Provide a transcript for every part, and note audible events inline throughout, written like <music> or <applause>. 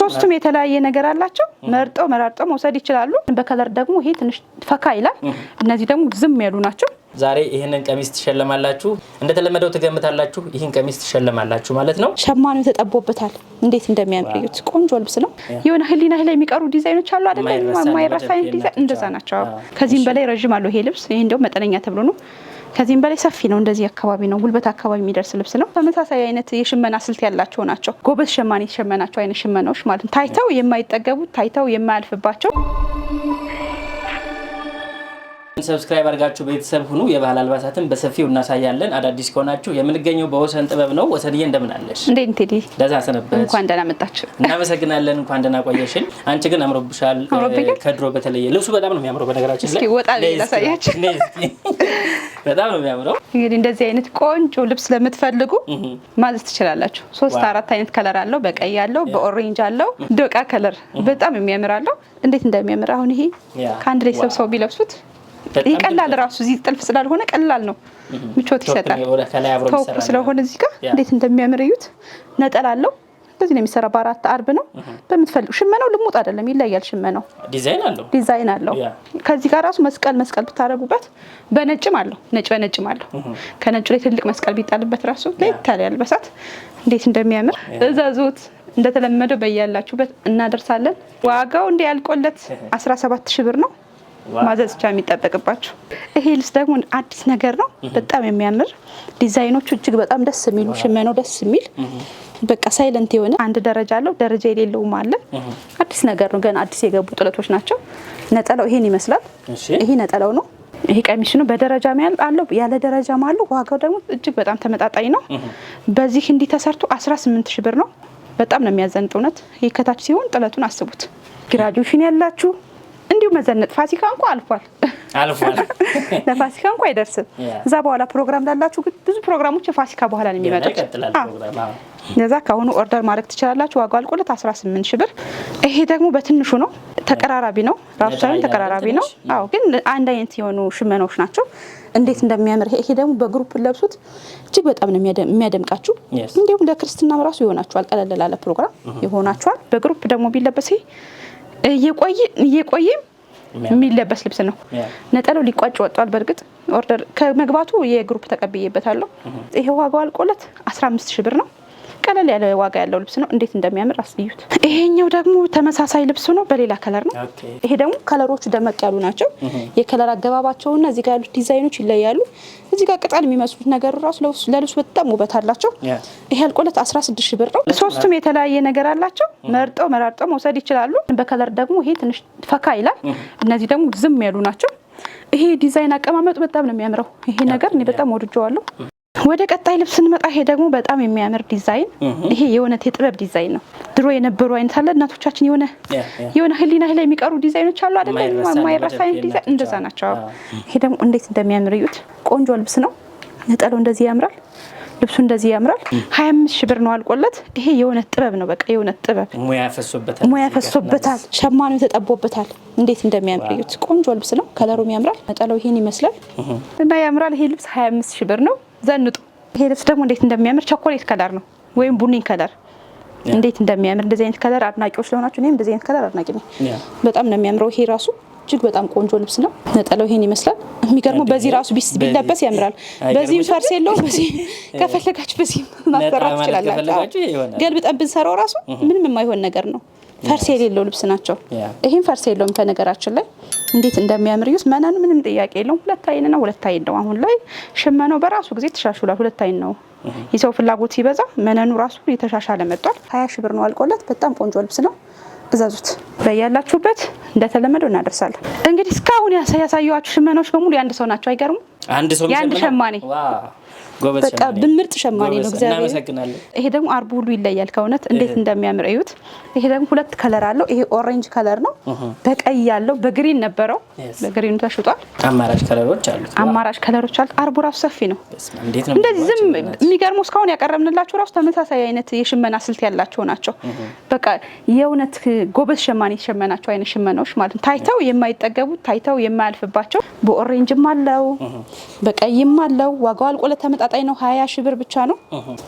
ሶስቱም የተለያየ ነገር አላቸው። መርጠው መራርጠው መውሰድ ይችላሉ። በከለር ደግሞ ይሄ ትንሽ ፈካ ይላል። እነዚህ ደግሞ ዝም ያሉ ናቸው። ዛሬ ይህንን ቀሚስ ትሸለማላችሁ። እንደተለመደው ትገምታላችሁ። ይህን ቀሚስ ትሸለማላችሁ ማለት ነው። ሸማኔው ተጠቦበታል። እንዴት እንደሚያምርዩት ቆንጆ ልብስ ነው። የሆነ ህሊና ላይ የሚቀሩ ዲዛይኖች አሉ አደለ? የማይረሳ ዲዛይን እንደዛ ናቸው። ከዚህም በላይ ረዥም አለው ይሄ ልብስ። ይህ እንደውም መጠነኛ ተብሎ ነው ከዚህም በላይ ሰፊ ነው። እንደዚህ አካባቢ ነው፣ ጉልበት አካባቢ የሚደርስ ልብስ ነው። ተመሳሳይ አይነት የሽመና ስልት ያላቸው ናቸው። ጎበዝ ሸማኔ የተሸመናቸው አይነት ሽመናዎች ማለት ነው። ታይተው የማይጠገቡት ታይተው የማያልፍባቸው ሰብስክራይብ አድርጋችሁ ቤተሰብ ሁኑ። የባህል አልባሳትን በሰፊው እናሳያለን። አዳዲስ ከሆናችሁ የምንገኘው በወሰን ጥበብ ነው። ወሰንዬ እንደምናለሽ? እንዴት እንቴዲ ደዛ ሰነበት። እንኳን ደህና መጣችሁ። እናመሰግናለን። እንኳን ደህና ቆየሽን። አንቺ ግን አምሮብሻል፣ ከድሮ በተለየ ልብሱ በጣም ነው የሚያምረው። በነገራችን ላይ ወጣ ላሳያችሁ በጣም ነው የሚያምረው። እንግዲህ እንደዚህ አይነት ቆንጆ ልብስ ለምትፈልጉ ማዘዝ ትችላላችሁ። ሶስት አራት አይነት ከለር አለው። በቀይ አለው፣ በኦሬንጅ አለው፣ ዶቃ ከለር በጣም የሚያምር አለው። እንዴት እንደሚያምር አሁን ይሄ ከአንድ ላይ ሰብሰው ቢለብሱት ይህ ቀላል ራሱ እዚህ ጥልፍ ስላልሆነ ቀላል ነው፣ ምቾት ይሰጣል። ተወኩ ስለሆነ እዚህ ጋር እንዴት እንደሚያምር እዩት። ነጠላ አለው እንደዚህ ነው የሚሰራ። በአራት አርብ ነው በምትፈልጉ። ሽመናው ልሙጥ አይደለም፣ ይለያል። ሽመናው ዲዛይን አለው፣ ዲዛይን አለው። ከዚህ ጋር ራሱ መስቀል መስቀል ብታደረጉበት በነጭም አለው፣ ነጭ በነጭም አለው። ከነጩ ላይ ትልቅ መስቀል ቢጣልበት ራሱ ለይታል አልባሳት እንዴት እንደሚያምር እዘዙት። እንደተለመደው በያላችሁበት እናደርሳለን። ዋጋው እንዲህ ያልቆለት 17 ሺህ ብር ነው። ማዘዝ ብቻ የሚጠበቅባቸው። ይሄ ልብስ ደግሞ አዲስ ነገር ነው። በጣም የሚያምር ዲዛይኖቹ እጅግ በጣም ደስ የሚሉ ሽመነው ደስ የሚል በቃ ሳይለንት የሆነ አንድ ደረጃ አለው፣ ደረጃ የሌለውም አለ። አዲስ ነገር ነው። ገና አዲስ የገቡ ጥለቶች ናቸው። ነጠላው ይሄን ይመስላል። ይሄ ነጠላው ነው። ይሄ ቀሚስ ነው። በደረጃ አለው ያለ ደረጃ አለው። ዋጋው ደግሞ እጅግ በጣም ተመጣጣኝ ነው። በዚህ እንዲህ ተሰርቶ 18 ሺ ብር ነው። በጣም ነው የሚያዘንጥ እውነት። ይህ ከታች ሲሆን ጥለቱን አስቡት። ግራጁዌሽን ያላችሁ እንዲሁ መዘነጥ ፋሲካ እንኳ አልፏል አልፏል። <laughs> ለፋሲካ እንኳ አይደርስም። እዛ በኋላ ፕሮግራም ላላችሁ ግን ብዙ ፕሮግራሞች የፋሲካ በኋላ ነው የሚመጡት። እነዛ ከአሁኑ ኦርደር ማድረግ ትችላላችሁ። ዋጋ አልቆለት 18 ሺህ ብር። ይሄ ደግሞ በትንሹ ነው፣ ተቀራራቢ ነው፣ ራሱ ሳይሆን ተቀራራቢ ነው። አዎ፣ ግን አንድ አይነት የሆኑ ሽመናዎች ናቸው። እንዴት እንደሚያምር ይሄ ደግሞ በግሩፕ ለብሱት፣ እጅግ በጣም ነው የሚያደምቃችሁ። እንዲሁም ለክርስትናም ራሱ ይሆናችኋል፣ ቀለል ላለ ፕሮግራም ይሆናችኋል። በግሩፕ ደግሞ ቢለበስ እየቆየ የሚለበስ ልብስ ነው። ነጠላው ሊቋጭ ወጥቷል። በእርግጥ ኦርደር ከመግባቱ የግሩፕ ተቀብዬበታለሁ። ይሄ ዋጋው አልቆለት 15 ሺህ ብር ነው። ቀለል ያለ ዋጋ ያለው ልብስ ነው። እንዴት እንደሚያምር አስዩት። ይሄኛው ደግሞ ተመሳሳይ ልብሱ ነው፣ በሌላ ከለር ነው። ይሄ ደግሞ ከለሮቹ ደመቅ ያሉ ናቸው። የከለር አገባባቸውና እዚህ እዚጋ ያሉት ዲዛይኖች ይለያሉ። እዚህ ጋር ቅጠል የሚመስሉት ነገር ራሱ ለልብሱ በጣም ውበት አላቸው። ይሄ አልቆለት 16 16ሺ ብር ነው። ሶስቱም የተለያየ ነገር አላቸው። መርጠው መራርጠው መውሰድ ይችላሉ። በከለር ደግሞ ይሄ ትንሽ ፈካ ይላል። እነዚህ ደግሞ ዝም ያሉ ናቸው። ይሄ ዲዛይን አቀማመጡ በጣም ነው የሚያምረው። ይሄ ነገር እኔ በጣም ወድጀዋለሁ። ወደ ቀጣይ ልብስ ስንመጣ ይሄ ደግሞ በጣም የሚያምር ዲዛይን፣ ይሄ የእውነት የጥበብ ዲዛይን ነው። ድሮ የነበሩ አይነት አለ እናቶቻችን የሆነ የሆነ ህሊና ላይ የሚቀሩ ዲዛይኖች አሉ አይደለ? የማይረሳ አይነት ዲዛይን እንደዛ ናቸው። ይሄ ደግሞ እንዴት እንደሚያምር እዩት። ቆንጆ ልብስ ነው። ነጠላው እንደዚህ ያምራል። ልብሱ እንደዚህ ያምራል። ሀያ አምስት ሺህ ብር ነው አልቆለት። ይሄ የእውነት ጥበብ ነው። በቃ የእውነት ጥበብ ሙያ ፈሶበታል። ሸማኑ ተጠቦበታል። እንዴት እንደሚያምር እዩት። ቆንጆ ልብስ ነው። ከለሩም ያምራል። ነጠለው ይሄን ይመስላል እና ያምራል። ይሄ ልብስ ሀያ አምስት ሺህ ብር ነው። ዘንጡ። ይሄ ልብስ ደግሞ እንዴት እንደሚያምር ቸኮሌት ከለር ነው ወይም ቡኒ ከለር እንዴት እንደሚያምር እንደዚህ አይነት ከለር አድናቂዎች ለሆናችሁ፣ እኔም እንደዚህ አይነት ከለር አድናቂ ነኝ። በጣም ነው የሚያምረው። ይሄ ራሱ እጅግ በጣም ቆንጆ ልብስ ነው። ነጠላው ይሄን ይመስላል። የሚገርመው በዚህ ራሱ ቢለበስ ያምራል። በዚህም ፈርስ <laughs> የለውም። በዚህ <laughs> ከፈለጋችሁ በዚህ ማሰራት ትችላላችሁ። ገልብጠን ብንሰራው ራሱ ምንም የማይሆን ነገር ነው። ፈርስ የሌለው ልብስ ናቸው። ይህም ፈርስ የለውም። ከነገራችን ላይ እንዴት እንደሚያምር ዩት መነን ምንም ጥያቄ የለውም። ሁለት አይን ነው፣ ሁለት አይን ነው። አሁን ላይ ሽመናው በራሱ ጊዜ ተሻሽሏል። ሁለት አይን ነው። የሰው ፍላጎት ሲበዛ መነኑ ራሱ የተሻሻለ መጥቷል። ሀያ ሺ ብር ነው አልቆለት። በጣም ቆንጆ ልብስ ነው። እዛዙት በያላችሁበት እንደተለመደው እናደርሳለን። እንግዲህ እስካሁን ያሳየኋችሁ ሽመናዎች በሙሉ የአንድ ሰው ናቸው። አይገርሙም? አንድ ሰው የአንድ ሸማኔ በቃ ብምርጥ ሸማኔ ነው። እግዚአብሔር ይሄ ደግሞ አርቡ ሁሉ ይለያል። ከእውነት እንዴት እንደሚያምር እዩት። ይሄ ደግሞ ሁለት ከለር አለው። ይሄ ኦሬንጅ ከለር ነው በቀይ ያለው በግሪን ነበረው፣ በግሪኑ ተሽጧል። አማራጭ ከለሮች አሉ አማራጭ ከለሮች አሉ። አርቡ ራሱ ሰፊ ነው። እንደዚህ ዝም የሚገርመው እስካሁን ያቀረብንላቸው ራሱ ተመሳሳይ አይነት የሽመና ስልት ያላቸው ናቸው። በቃ የእውነት ጎበዝ ሸማኔ የተሸመናቸው አይነት ሽመናዎች ማለት ነው። ታይተው የማይጠገቡት ታይተው የማያልፍባቸው በኦሬንጅም አለው በቀይም አለው። ዋጋው አልቆ ለተመጣጣኝ ነው። ሀያ ሺ ብር ብቻ ነው።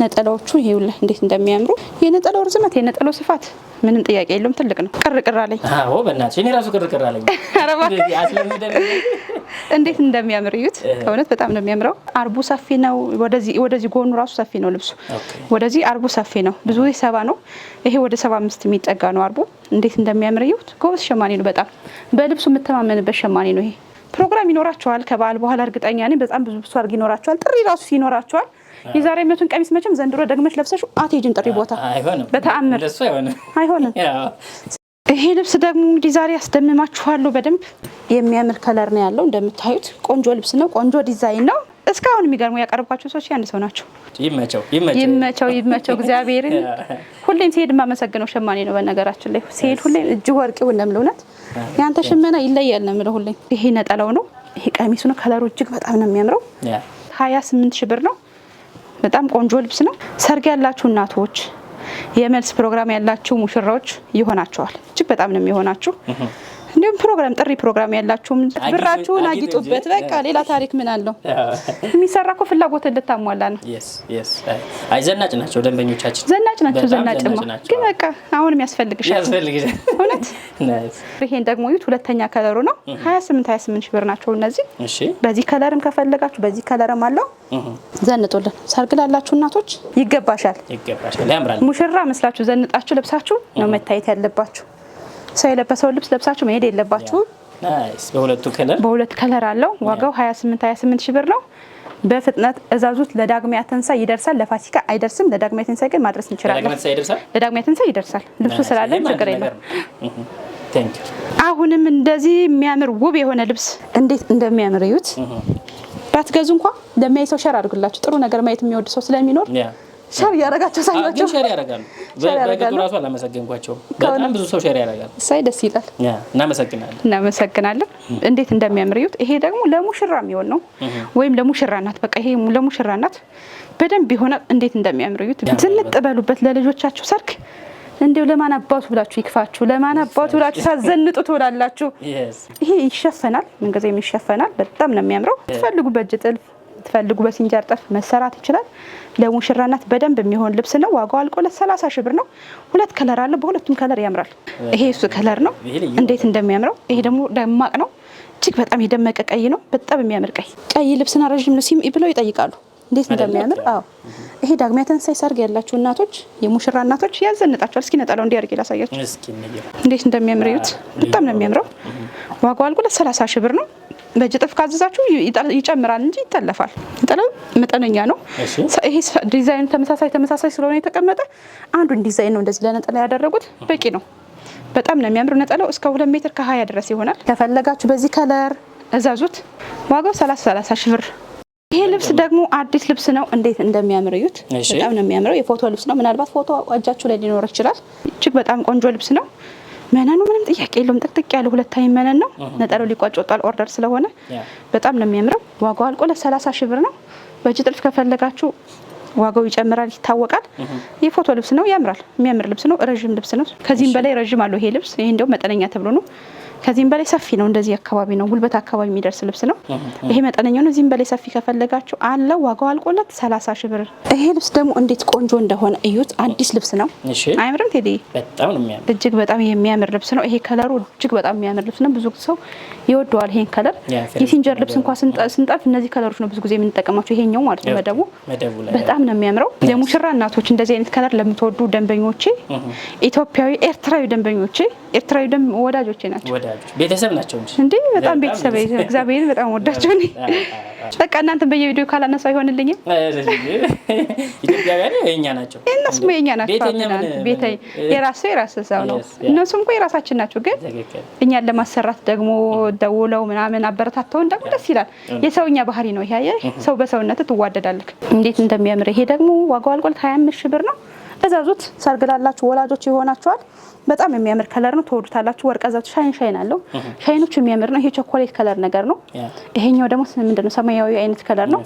ነጠላዎቹ ይኸውልህ እንዴት እንደሚያምሩ የነጠላው ርዝመት፣ የነጠላው ስፋት ምንም ጥያቄ የለውም። ትልቅ ነው። ቅርቅር አለኝ። አዎ በእናትሽ እኔ ራሱ ቅርቅር አለኝ። <laughs> እንዴት እንደሚያምር እዩት። ከእውነት በጣም ነው የሚያምረው። አርቡ ሰፊ ነው። ወደዚህ ጎኑ ራሱ ሰፊ ነው ልብሱ። ወደዚህ አርቡ ሰፊ ነው። ብዙ ሰባ ነው። ይሄ ወደ ሰባ አምስት የሚጠጋ ነው አርቡ። እንዴት እንደሚያምር እዩት። ጎበዝ ሸማኔ ነው። በጣም በልብሱ የምተማመንበት ሸማኔ ነው ይሄ ፕሮግራም ይኖራቸዋል። ከበዓል በኋላ እርግጠኛ ነኝ በጣም ብዙ ሰርግ ይኖራቸዋል። ጥሪ ራሱ ይኖራቸዋል። የዛሬ መቱን ቀሚስ መቼም ዘንድሮ ደግመሽ ለብሰሽ አትሄጂም። ጥሪ ቦታ በተአምር አይሆንም። ይሄ ልብስ ደግሞ እንግዲህ ዛሬ ያስደምማችኋለሁ በደንብ የሚያምር ከለር ነው ያለው። እንደምታዩት ቆንጆ ልብስ ነው። ቆንጆ ዲዛይን ነው። እስካሁን የሚገርሙ ያቀረብኳቸው ሰዎች አንድ ሰው ናቸው። ይመቸው ይመቸው ይመቸው። እግዚአብሔርን <laughs> ሁሌም ሲሄድ የማመሰግነው ሸማኔ ነው። በነገራችን ላይ ሲሄድ ሁሌም እጅ ወርቅ ይሁን ለምለው እውነት ሽመና ይለያል ነው የምለው ሁሌም። ይሄ ነጠላው ነው፣ ይሄ ቀሚሱ ነው። ከለሩ እጅግ በጣም ነው የሚያምረው። ሀያ ስምንት ሺህ ብር ነው። በጣም ቆንጆ ልብስ ነው። ሰርግ ያላችሁ እናቶች የመልስ ፕሮግራም ያላችሁ ሙሽራዎች ይሆናቸዋል እጅግ በጣም ነው የሚሆናችሁ። እንዲሁም ፕሮግራም ጥሪ ፕሮግራም ያላችሁም ብራችሁን አጊጡበት። በቃ ሌላ ታሪክ ምን አለው? የሚሰራ እኮ ፍላጎትን ልታሟላ ነው። አይ ዘናጭ ናቸው ደንበኞቻችን፣ ዘናጭ ናቸው። ዘናጭማ ግን በቃ አሁንም ያስፈልግሻል። እውነት <laughs> ይሄን ደግሞ ዩት ሁለተኛ ከለሩ ነው። ሀያ ስምንት ሀያ ስምንት ሺህ ብር ናቸው እነዚህ። በዚህ ከለርም ከፈለጋችሁ በዚህ ከለርም አለው። ዘንጡልን። ሰርግ ላላችሁ እናቶች ይገባሻል። ሙሽራ መስላችሁ ዘንጣችሁ ለብሳችሁ ነው መታየት ያለባችሁ። ሰው የለበሰውን ልብስ ለብሳችሁ መሄድ የለባችሁም። በሁለቱ ከለር በሁለት ከለር አለው። ዋጋው 28 28 ብር ነው። በፍጥነት እዛዙት። ለዳግማይ ትንሳኤ ይደርሳል፣ ለፋሲካ አይደርስም። ለዳግማይ ትንሳኤ ግን ማድረስ እንችላለን። ለዳግማይ ትንሳኤ ይደርሳል። ልብሱ ስላለን ችግር የለም። አሁንም እንደዚህ የሚያምር ውብ የሆነ ልብስ እንዴት እንደሚያምር እዩት። ባትገዙ እንኳ ለሚያይ ሰው ሸር አድርጉላችሁ። ጥሩ ነገር ማየት የሚወድ ሰው ስለሚኖር ሸር እያደረጋቸው ሳይሆን ሸር ያደርጋሉ። በረከቱ ራሱ አላመሰገንኳቸውም። በጣም ብዙ ሰው ሸር ያደርጋል። ሳይ ደስ ይላል። እናመሰግናለን፣ እናመሰግናለን። እንዴት እንደሚያምር እዩት። ይሄ ደግሞ ለሙሽራ የሚሆን ነው፣ ወይም ለሙሽራ እናት። በቃ ይሄ ለሙሽራ እናት በደንብ ይሆናል። እንዴት እንደሚያምር እዩት። ዝንጥ በሉበት ለልጆቻችሁ ሰርግ እንዲሁ ለማን አባቱ ብላችሁ ይክፋችሁ፣ ለማን አባቱ ብላችሁ ሳዘንጡ ትውላላችሁ። ይሄ ይሸፈናል፣ ምንጊዜም ይሸፈናል። በጣም ነው የሚያምረው። ትፈልጉ በእጅ ጥልፍ ብትፈልጉ በሲንጀር ጥልፍ መሰራት ይችላል። ለሙሽራናት በደንብ የሚሆን ልብስ ነው። ዋጋው አልቆለት 30 ሺህ ብር ነው። ሁለት ከለር አለ። በሁለቱም ከለር ያምራል። ይሄ እሱ ከለር ነው። እንዴት እንደሚያምረው ይሄ ደግሞ ደማቅ ነው። እጅግ በጣም የደመቀ ቀይ ነው። በጣም የሚያምር ቀይ ቀይ ልብስና ረዥም ነው ሲም ብለው ይጠይቃሉ። እንዴት እንደሚያምር አዎ። ይሄ ዳግሚያ ተንሳይ ሰርግ ያላችሁ እናቶች የሙሽራ እናቶች ያዘንጣቸዋል። እስኪ ነጠለው እንዲያርግ ላሳያችሁ እንዴት እንደሚያምር እዩት። በጣም ነው የሚያምረው። ዋጋው አልቆለት 30 ሺህ ብር ነው። በእጅ ካዘዛችሁ ይጨምራል እንጂ ይተለፋል። ጥለው መጠነኛ ነው። ይሄ ዲዛይኑ ተመሳሳይ ተመሳሳይ ስለሆነ የተቀመጠ አንዱን ዲዛይን ነው እንደዚህ ለነጠላ ያደረጉት በቂ ነው። በጣም ነው የሚያምረው። ነጠላው እስከ ሁለት ሜትር ከሀያ ድረስ ይሆናል። ከፈለጋችሁ በዚህ ከለር እዛዙት። ዋጋው ሰላሳ ሰላሳ ሺህ ብር። ይሄ ልብስ ደግሞ አዲስ ልብስ ነው። እንዴት እንደሚያምር እዩት። በጣም ነው የሚያምረው። የፎቶ ልብስ ነው። ምናልባት ፎቶ እጃችሁ ላይ ሊኖር ይችላል። እጅግ በጣም ቆንጆ ልብስ ነው። መነኑ ምንም ጥያቄ የለውም። ጥቅጥቅ ያለ ሁለት መነን ነው። ነጠሩ ሊቋጭ ወጣል ኦርደር ስለሆነ በጣም ነው የሚያምረው። ዋጋው አልቆ ለ30 ሺህ ብር ነው። በእጅ ጥልፍ ከፈለጋችሁ ዋጋው ይጨምራል፣ ይታወቃል። የፎቶ ልብስ ነው፣ ያምራል። የሚያምር ልብስ ነው፣ ረዥም ልብስ ነው። ከዚህም በላይ ረዥም አለው ይሄ ልብስ። ይህ እንደውም መጠነኛ ተብሎ ነው ከዚህም በላይ ሰፊ ነው። እንደዚህ አካባቢ ነው፣ ጉልበት አካባቢ የሚደርስ ልብስ ነው። ይሄ መጠነኛ ነው። እዚህም በላይ ሰፊ ከፈለጋችሁ አለው። ዋጋው አልቆለት ሰላሳ ሽብር ብር። ይሄ ልብስ ደግሞ እንዴት ቆንጆ እንደሆነ እዩት። አዲስ ልብስ ነው። አያምርም ቴዲ? በጣም ነው የሚያምር። እጅግ በጣም የሚያምር ልብስ ነው። ይሄ ከለሩ እጅግ በጣም የሚያምር ልብስ ነው። ብዙ ሰው ይወደዋል ይሄን ከለር። የሲንጀር ልብስ እንኳን ስንጠፍ እነዚህ ከለሮች ነው ብዙ ጊዜ የምንጠቀማቸው። ይሄኛው ማለት ነው መደቡ በጣም ነው የሚያምረው። የሙሽራ እናቶች እንደዚህ አይነት ከለር ለምትወዱ ደንበኞቼ፣ ኢትዮጵያዊ ኤርትራዊ ደንበኞቼ፣ ኤርትራዊ ወዳጆቼ ናቸው ወዳጆች ቤተሰብ ናቸው እንጂ እንዴ በጣም ቤተሰብ እግዚአብሔር በጣም ወዳቸው ነ በቃ እናንተን በየቪዲዮ ካላነሳ አይሆንልኝም። ኢትዮጵያውያን የኛ ናቸው፣ እነሱም የኛ ናቸው። የራስ የራስ ሰው ነው፣ እነሱም እኮ የራሳችን ናቸው። ግን እኛን ለማሰራት ደግሞ ደውለው ምናምን አበረታተውን ደግሞ ደስ ይላል። የሰውኛ ባህሪ ነው ይሄ። mm-hmm. ሰው በሰውነት ትዋደዳለህ። እንዴት እንደሚያምር ይሄ ደግሞ ዋጋው አልቆለት ሀያ አምስት ሺህ ብር ነው። እዘዙት። ሰርግ ላላችሁ ወላጆች ይሆናችኋል። በጣም የሚያምር ከለር ነው፣ ተወዱታላችሁ ወርቀ ዘብት ሻይን ሻይን አለው። ሻይኖቹ የሚያምር ነው። ይሄ ቾኮሌት ከለር ነገር ነው። ይሄኛው ደግሞ ምንድነው ሰማያዊ አይነት ከለር ነው፣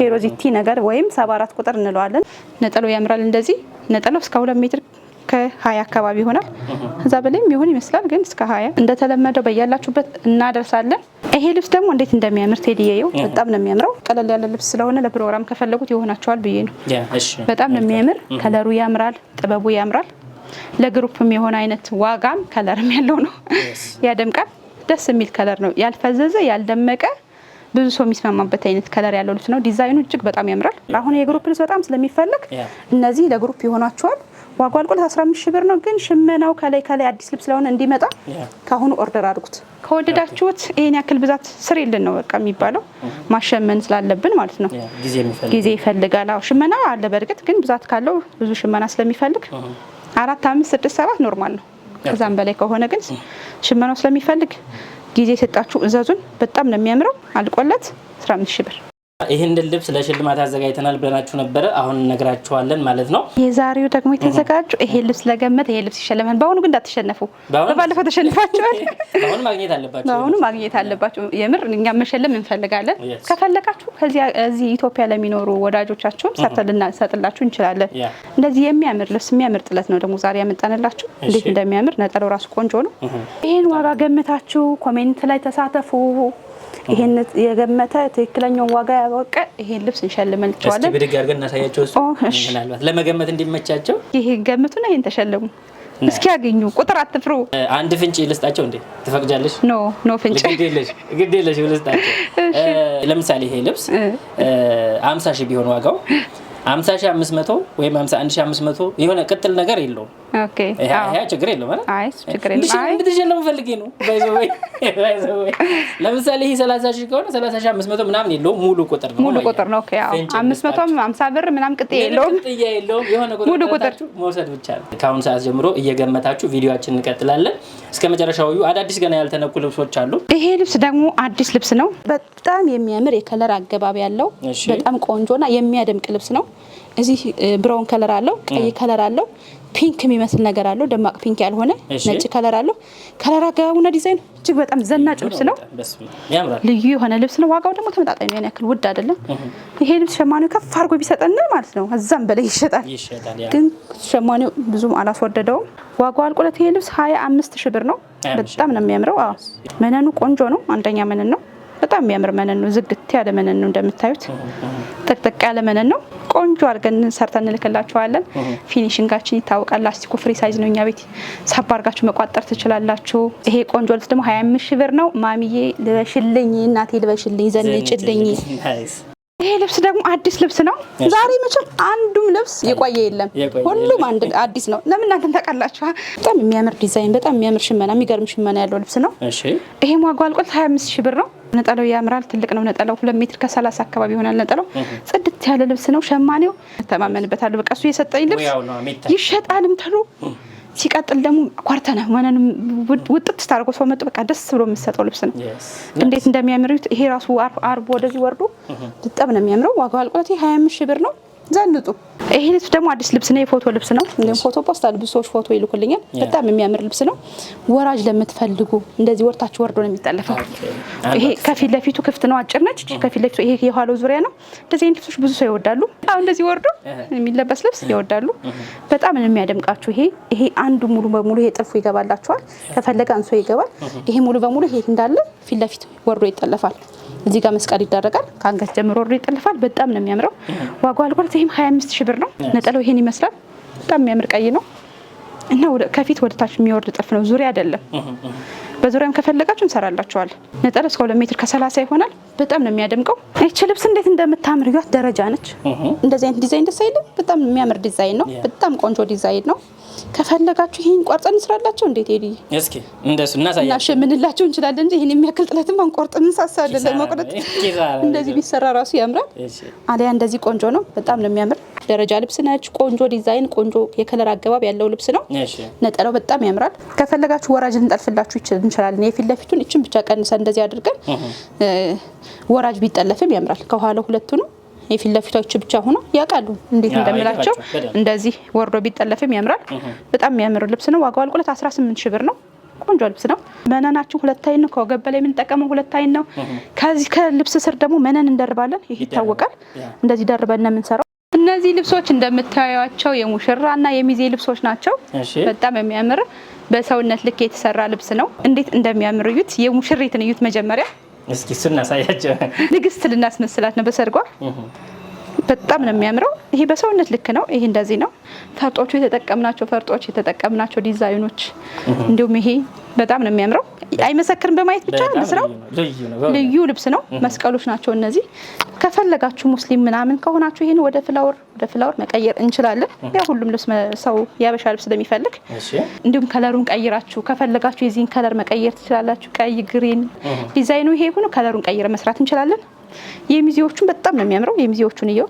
ፌሮዚቲ ነገር ወይም ሰባ አራት ቁጥር እንለዋለን። ነጠላው ያምራል። እንደዚህ ነጠሎ እስከ ሁለት ሜትር ከሀያ አካባቢ ይሆናል። ከዛ በላይም ይሆን ይመስላል፣ ግን እስከ ሀያ እንደተለመደው በያላችሁበት እናደርሳለን። ይሄ ልብስ ደግሞ እንዴት እንደሚያምር ቴዲየየው በጣም ነው የሚያምረው። ቀለል ያለ ልብስ ስለሆነ ለፕሮግራም ከፈለጉት ይሆናቸዋል ብዬ ነው። በጣም ነው የሚያምር። ከለሩ ያምራል፣ ጥበቡ ያምራል። ለግሩፕም የሆነ አይነት ዋጋም ከለርም ያለው ነው፣ <laughs> ያደምቃል። ደስ የሚል ከለር ነው፣ ያልፈዘዘ ያልደመቀ ብዙ ሰው የሚስማማበት አይነት ከለር ያለው ልብስ ነው። ዲዛይኑ እጅግ በጣም ያምራል። አሁን የግሩፕ ልብስ በጣም ስለሚፈለግ እነዚህ ለግሩፕ ይሆናቸዋል። ዋጋ አልቆለት 15 ሺህ ብር ነው። ግን ሽመናው ከላይ ከላይ አዲስ ልብስ ስለሆነ እንዲመጣ ከአሁኑ ኦርደር አድርጉት። ከወደዳችሁት ይህን ያክል ብዛት የለን ነው በቃ የሚባለው። ማሸመን ስላለብን ማለት ነው ጊዜ ይፈልጋል። አዎ ሽመና አለ በእርግጥ ግን ብዛት ካለው ብዙ ሽመና ስለሚፈልግ አራት፣ አምስት፣ ስድስት፣ ሰባት ኖርማል ነው። ከዛም በላይ ከሆነ ግን ሽመናው ስለሚፈልግ ጊዜ የሰጣችሁ እዘዙን። በጣም ነው የሚያምረው። አልቆለት 15 ሺህ ብር ይህንን ልብስ ለሽልማት አዘጋጅተናል ብለናችሁ ነበረ። አሁን እነግራችኋለን ማለት ነው። የዛሬው ደግሞ የተዘጋጁ ይሄ ልብስ ለገመት ይሄ ልብስ ይሸለማል። በአሁኑ ግን እንዳትሸነፉ፣ በባለፈው ተሸንፋችኋል። <laughs> በአሁኑ ማግኘት አለባችሁ፣ በአሁኑ ማግኘት አለባችሁ። የምር እኛ መሸለም እንፈልጋለን። ከፈለጋችሁ እዚህ ኢትዮጵያ ለሚኖሩ ወዳጆቻችሁም ሰርተን ልናሰጥላችሁ እንችላለን። እንደዚህ የሚያምር ልብስ የሚያምር ጥለት ነው ደግሞ ዛሬ ያመጣንላችሁ። እንዴት እንደሚያምር ነጠለው ራሱ ቆንጆ ነው። ይህን ዋጋ ገምታችሁ ኮሜንት ላይ ተሳተፉ። ይሄን የገመተ ትክክለኛውን ዋጋ ያወቀ ይሄን ልብስ እንሸልመልቸዋለን። ብድግ አድርገን እናሳያቸው ምናልባት ለመገመት እንዲመቻቸው። ይሄ ገምቱና ይሄን ተሸለሙ። እስኪ ያገኙ ቁጥር አትፍሩ። አንድ ፍንጭ ልስጣቸው እንዴ ትፈቅጃለሽ? ኖ ኖ ፍንጭ ግድ የለሽ ልስጣቸው። ለምሳሌ ይሄ ልብስ አምሳ ሺህ ቢሆን ዋጋው <laughs> 50 ሺህ 500 ወይም ሺህ የሆነ ቅጥል ነገር የለውም። ኦኬ ችግር የለውም ፈልጌ ነው። ለምሳሌ ሺህ ከሆነ ሺህ ምናምን የለውም። ሙሉ ቁጥር ነው። ሙሉ ቁጥር ነው። ብር ምናምን የለውም። ቅጥያ የለውም። የሆነ ሙሉ ቁጥር መውሰድ ብቻ ነው። ከአሁን ሰዓት ጀምሮ እየገመታችሁ ቪዲዮአችንን እንቀጥላለን እስከ መጨረሻው። አዳዲስ ገና ያልተነኩ ልብሶች አሉ። ይሄ ልብስ ደግሞ አዲስ ልብስ ነው። በጣም የሚያምር የከለር አገባቢ ያለው በጣም ቆንጆና የሚያደምቅ ልብስ ነው። እዚህ ብራውን ከለር አለው፣ ቀይ ከለር አለው፣ ፒንክ የሚመስል ነገር አለው፣ ደማቅ ፒንክ ያልሆነ ነጭ ከለር አለው። ከለር አገባቡና ዲዛይኑ እጅግ በጣም ዘናጭ ልብስ ነው። ልዩ የሆነ ልብስ ነው። ዋጋው ደግሞ ተመጣጣኝ ነው፣ ያን ያክል ውድ አይደለም። ይሄ ልብስ ሸማኔው ከፍ አድርጎ ቢሰጠን ማለት ነው እዛም በላይ ይሸጣል፣ ግን ሸማኔው ብዙም አላስወደደውም። ዋጋው አልቆለት ይሄ ልብስ ሀያ አምስት ሺህ ብር ነው። በጣም ነው የሚያምረው። መነኑ ቆንጆ ነው። አንደኛ መነን ነው። በጣም የሚያምር መነን ነው። ዝግት ያለ መነን ነው እንደምታዩት፣ ጥቅጥቅ ያለ መነን ነው። ቆንጆ አድርገን ሰርተን እንልክላችኋለን። ፊኒሽንጋችን ይታወቃል። ላስቲኩ ፍሪ ሳይዝ ነው እኛ ቤት። ሳባ አድርጋችሁ መቋጠር ትችላላችሁ። ይሄ ቆንጆ ልብስ ደግሞ ሀያ አምስት ሺህ ብር ነው። ማሚዬ ልበሽልኝ፣ እናቴ ልበሽልኝ፣ ዘንጭልኝ ይሄ ልብስ ደግሞ አዲስ ልብስ ነው። ዛሬ መቼም አንዱም ልብስ የቆየ የለም፣ ሁሉም አንድ አዲስ ነው። ለምን እናንተን ታውቃላችሁ። በጣም የሚያምር ዲዛይን፣ በጣም የሚያምር ሽመና፣ የሚገርም ሽመና ያለው ልብስ ነው። ይሄም ዋጋው አልቆለት 25 ሺህ ብር ነው። ነጠላው ያምራል። ትልቅ ነው ነጠላው፣ ሁለት ሜትር ከሰላሳ አካባቢ ይሆናል ነጠላው። ጽድት ያለ ልብስ ነው። ሸማኔው ተማመንበታለሁ። በቃ እሱ የሰጠኝ ልብስ ይሸጣልም ተሎ ሲቀጥል ደግሞ ኳርተነ መነንም ውጥት ስታደርጎ ሰው መጡ በቃ ደስ ብሎ የምሰጠው ልብስ ነው። እንዴት እንደሚያምር ይሄ ራሱ አርቦ ወደዚህ ወርዶ ልጠብ ነው የሚያምረው። ዋጋው አልቆለት ሀያ አምስት ሺህ ብር ነው። ዘንጡ ይሄ ልብስ ደግሞ አዲስ ልብስ ነው። የፎቶ ልብስ ነው። እንደም ፎቶ ፖስት ብዙ ሰዎች ፎቶ ይልኩልኛል። በጣም የሚያምር ልብስ ነው። ወራጅ ለምትፈልጉ እንደዚህ ወርታችሁ ወርዶ ነው የሚጠለፈው። ይሄ ከፊት ለፊቱ ክፍት ነው፣ አጭር ነች። ከፊት ለፊቱ ይሄ የኋላው ዙሪያ ነው። እንደዚህ አይነት ልብሶች ብዙ ሰው ይወዳሉ። አሁን እንደዚህ ወርዶ የሚለበስ ልብስ ይወዳሉ። በጣም ነው የሚያደምቃችሁ። ይሄ ይሄ አንዱ ሙሉ በሙሉ ይሄ ጥልፉ ይገባላችኋል። ከፈለገ አንሶ ይገባል። ይሄ ሙሉ በሙሉ ይሄ እንዳለ ፊት ለፊት ወርዶ ይጠለፋል። እዚህ ጋር መስቀል ይደረጋል። ከአንገት ጀምሮ ወርዶ ይጠልፋል። በጣም ነው የሚያምረው። ዋጋው አልቆለት ይህም 25 ሺህ ብር ነው። ነጠለው ይሄን ይመስላል። በጣም የሚያምር ቀይ ነው እና ከፊት ወደ ታች የሚወርድ ጥልፍ ነው። ዙሪያ አይደለም። በዙሪያም ከፈለጋችሁ እንሰራላችኋል። ነጠለው እስከ ሁለት ሜትር ከሰላሳ ይሆናል። በጣም ነው የሚያደምቀው። ይች ልብስ እንዴት እንደምታምር ያት ደረጃ ነች። እንደዚህ አይነት ዲዛይን ደስ አይልም? በጣም የሚያምር ዲዛይን ነው። በጣም ቆንጆ ዲዛይን ነው። ከፈለጋችሁ ይህን ቆርጠን እንስራላቸው። እንዴት ሄዱ እስኪ እንደሱ እናሳያሽ እንችላለን እንጂ ይህን የሚያክል ጥለትም አንቆርጥን እንሳሳለን። ለመቁረጥ እንደዚህ ቢሰራ ራሱ ያምራል። አሊያ እንደዚህ ቆንጆ ነው። በጣም ነው የሚያምር። ደረጃ ልብስ ነች። ቆንጆ ዲዛይን፣ ቆንጆ የከለር አገባብ ያለው ልብስ ነው። ነጠላው በጣም ያምራል። ከፈለጋችሁ ወራጅ ልንጠልፍላችሁ እንችላለን። የፊት ለፊቱን ይችን ብቻ ቀንሰን እንደዚህ አድርገን ወራጅ ቢጠለፍም ያምራል። ከኋላ ሁለቱ ነው የፊት ለፊቶቹ ብቻ ሆኖ ያውቃሉ እንዴት እንደምላቸው። እንደዚህ ወርዶ ቢጠለፍም ያምራል። በጣም የሚያምር ልብስ ነው። ዋጋው አልቆለት 18 ሺ ብር ነው። ቆንጆ ልብስ ነው። መነናችን ሁለት አይን ነው። ከወገብ በላይ የምንጠቀመው ሁለት አይን ነው። ከዚህ ከልብስ ስር ደግሞ መነን እንደርባለን። ይህ ይታወቃል። እንደዚህ ደርበን ነው የምንሰራው። እነዚህ ልብሶች እንደምታዩቸው የሙሽራና የሚዜ ልብሶች ናቸው። በጣም የሚያምር በሰውነት ልክ የተሰራ ልብስ ነው። እንዴት እንደሚያምር እዩት። የሙሽሪትን እዩት መጀመሪያ እስኪ እሱ እናሳያቸው። ንግስት ልናስመስላት ነው በሰርጓ በጣም ነው የሚያምረው። ይሄ በሰውነት ልክ ነው። ይሄ እንደዚህ ነው። ፈርጦቹ የተጠቀምናቸው ፈርጦች የተጠቀምናቸው ዲዛይኖች፣ እንዲሁም ይሄ በጣም ነው የሚያምረው። አይመሰክርም በማየት ብቻ ስራው ልዩ ልብስ ነው። መስቀሎች ናቸው እነዚህ። ከፈለጋችሁ ሙስሊም ምናምን ከሆናችሁ ይህን ወደ ፍላወር ወደ ፍላወር መቀየር እንችላለን። ያ ሁሉም ልብስ ሰው ያበሻ ልብስ ስለሚፈልግ እንዲሁም ከለሩን ቀይራችሁ ከፈለጋችሁ የዚህን ከለር መቀየር ትችላላችሁ። ቀይ፣ ግሪን ዲዛይኑ ይሄ ሆኖ ከለሩን ቀይረ መስራት እንችላለን። የሚዜዎቹን በጣም ነው የሚያምረው። የሚዜዎቹን እየው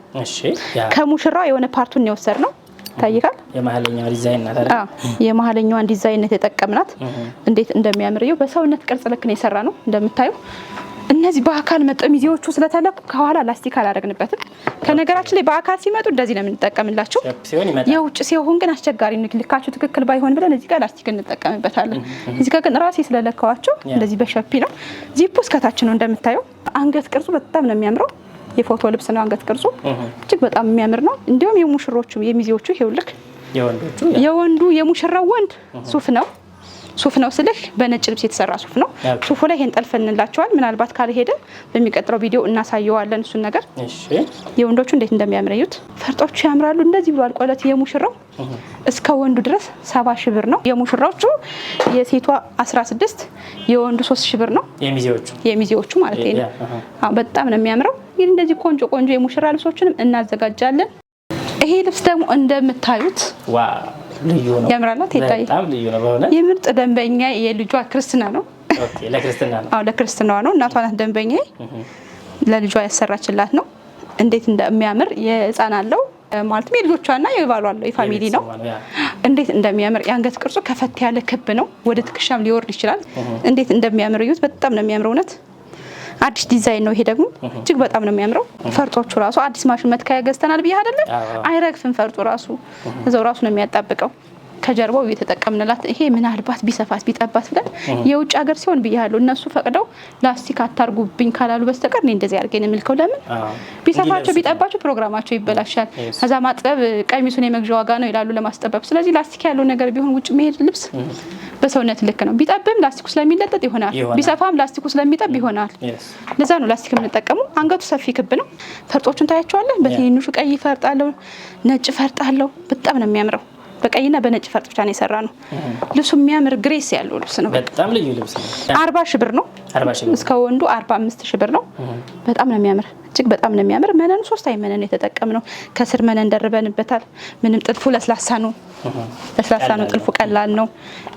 ከሙሽራው የሆነ ፓርቱን የወሰድ ነው ይታይካል። የመሀለኛዋን ዲዛይን የተጠቀምናት እንዴት እንደሚያምርየው በሰውነት ቅርጽ ልክ ነው የሰራ ነው እንደምታዩ። እነዚህ በአካል መጠሚዜዎቹ ስለተለኩ ከኋላ ላስቲክ አላደረግንበትም። ከነገራችን ላይ በአካል ሲመጡ እንደዚህ ነው የምንጠቀምላቸው። የውጭ ሲሆን ግን አስቸጋሪ ልካቸው ትክክል ባይሆን ብለን እዚህ ጋር ላስቲክ እንጠቀምበታለን። እዚህ ጋር ግን ራሴ ስለለካዋቸው እንደዚህ በሸፒ ነው። ዚፑ እስከታች ነው እንደምታየው። አንገት ቅርጹ በጣም ነው የሚያምረው። የፎቶ ልብስ ነው። አንገት ቅርጹ እጅግ በጣም የሚያምር ነው። እንዲሁም የሙሽሮቹ የሚዜዎቹ ይኸውልህ፣ የወንዱ የሙሽራው ወንድ ሱፍ ነው ሱፍ ነው ስልህ በነጭ ልብስ የተሰራ ሱፍ ነው። ሱፉ ላይ ይሄን ጠልፈንላቸዋል። ምናልባት ካልሄደ በሚቀጥለው ቪዲዮ እናሳየዋለን እሱን ነገር። የወንዶቹ እንዴት እንደሚያምር እዩት። ፈርጦቹ ያምራሉ። እንደዚህ ብሎ ቆለት የሙሽራው እስከ ወንዱ ድረስ ሰባ ሺህ ብር ነው። የሙሽራዎቹ የሴቷ 16 የወንዱ ሶስት ሺህ ብር ነው። የሚዜዎቹ ማለት ነው። በጣም ነው የሚያምረው እንግዲህ እንደዚህ ቆንጆ ቆንጆ የሙሽራ ልብሶችንም እናዘጋጃለን። ይሄ ልብስ ደግሞ እንደምታዩት ያምራላት የምርጥ ደንበኛ የልጇ ክርስትና ነው። ለክርስትናዋ ነው። እናቷ ናት ደንበኛ ለልጇ ያሰራችላት ነው። እንዴት እንደሚያምር የህፃን አለው ማለትም የልጆቿና የባሏ አለው የፋሚሊ ነው። እንዴት እንደሚያምር የአንገት ቅርጹ ከፈት ያለ ክብ ነው። ወደ ትከሻም ሊወርድ ይችላል። እንዴት እንደሚያምር እዩት። በጣም ነው የሚያምር እውነት አዲስ ዲዛይን ነው ይሄ ደግሞ እጅግ በጣም ነው የሚያምረው። ፈርጦቹ ራሱ አዲስ ማሽን መትከያ ገዝተናል ብዬ አይደለም አይረግፍም። ፈርጡ ራሱ እዛው ራሱ ነው የሚያጣብቀው። ከጀርባው እየተጠቀምንላት ይሄ ምናልባት ቢሰፋት ቢጠባት ብለን የውጭ ሀገር ሲሆን ብያለሁ። እነሱ ፈቅደው ላስቲክ አታርጉብኝ ካላሉ በስተቀር እኔ እንደዚህ አድርገን የምልከው ለምን ቢሰፋቸው ቢጠባቸው ፕሮግራማቸው ይበላሻል። ከዛ ማጥበብ ቀሚሱን የመግዣ ዋጋ ነው ይላሉ ለማስጠበብ። ስለዚህ ላስቲክ ያለው ነገር ቢሆን ውጭ መሄድ ልብስ በሰውነት ልክ ነው። ቢጠብም ላስቲኩ ስለሚለጠጥ ይሆናል። ቢሰፋም ላስቲኩ ስለሚጠብ ይሆናል። ለዛ ነው ላስቲክ የምንጠቀሙ። አንገቱ ሰፊ ክብ ነው። ፈርጦቹን ታያቸዋለን። በትንንሹ ቀይ ፈርጥ አለው፣ ነጭ ፈርጥ አለው። በጣም ነው የሚያምረው። በቀይና በነጭ ፈርጥ ብቻ ነው የሰራ ነው። ልብሱ የሚያምር ግሬስ ያለው ልብስ ነው። በጣም ልዩ ልብስ ነው። አርባ ሺህ ብር ነው። እስከ ወንዱ አርባ አምስት ሺህ ብር ነው። በጣም ነው የሚያምር፣ እጅግ በጣም ነው የሚያምር። መነኑ ሶስት አይ መነን ነው ከስር መነን ደርበንበታል። ምንም ጥልፉ ለስላሳ ነው፣ ለስላሳ ነው ጥልፉ ቀላል ነው።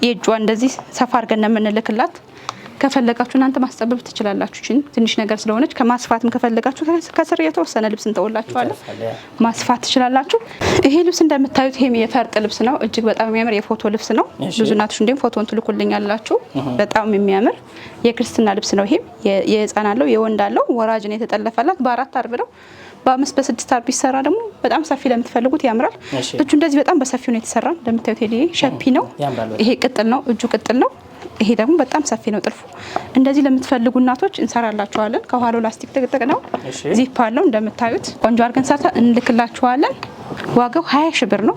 የእጇ እንደዚህ ሰፋ አድርገን ነው የምንልክላት ከፈለጋችሁ እናንተ ማስጠበብ ትችላላችሁ። ችን ትንሽ ነገር ስለሆነች ከማስፋትም ከፈለጋችሁ ከስር የተወሰነ ልብስ እንተውላችኋለን ማስፋት ትችላላችሁ። ይሄ ልብስ እንደምታዩት ይሄም የፈርጥ ልብስ ነው። እጅግ በጣም የሚያምር የፎቶ ልብስ ነው። ብዙ እናቶች እንዲሁም ፎቶን ትልኩልኛላችሁ። በጣም የሚያምር የክርስትና ልብስ ነው። ይሄም የህፃን አለው የወንድ አለው ወራጅን የተጠለፈላት በአራት አርብ ነው በአምስት በስድስት አርብ ይሰራ ደግሞ በጣም ሰፊ ለምትፈልጉት ያምራል። እጁ እንደዚህ በጣም በሰፊው ነው የተሰራ እንደምታዩት ሄ ሸፒ ነው። ይሄ ቅጥል ነው፣ እጁ ቅጥል ነው። ይሄ ደግሞ በጣም ሰፊ ነው ጥልፉ። እንደዚህ ለምትፈልጉ እናቶች እንሰራላችኋለን። ከኋላው ላስቲክ ጥቅጥቅ ነው፣ ዚፕ አለው እንደምታዩት ቆንጆ አድርገን ሰርተን እንልክላችኋለን። ዋጋው 20 ሺ ብር ነው።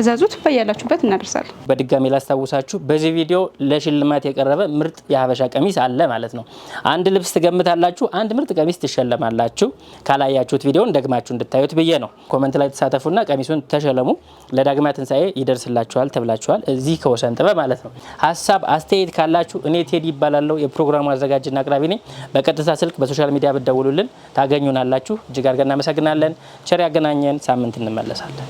እዘዙት፣ በያላችሁበት እናደርሳለን። በድጋሚ ላስታውሳችሁ በዚህ ቪዲዮ ለሽልማት የቀረበ ምርጥ የሀበሻ ቀሚስ አለ ማለት ነው። አንድ ልብስ ትገምታላችሁ፣ አንድ ምርጥ ቀሚስ ትሸለማላችሁ። ካላያችሁት ቪዲዮን ደግማችሁ እንድታዩት ብዬ ነው። ኮመንት ላይ ተሳተፉና ቀሚሱን ተሸለሙ። ለዳግማ ትንሳኤ ይደርስላችኋል ተብላችኋል። እዚህ ከወሰን ጥበብ ማለት ነው። ሀሳብ አስተያየት ካላችሁ እኔ ቴዲ ይባላለው የፕሮግራሙ አዘጋጅና አቅራቢ ነኝ። በቀጥታ ስልክ በሶሻል ሚዲያ ብደውሉልን ታገኙናላችሁ። እጅግ አድርገን እናመሰግናለን። ቸር ያገናኘን። ሳምንት እንመለሳል። that.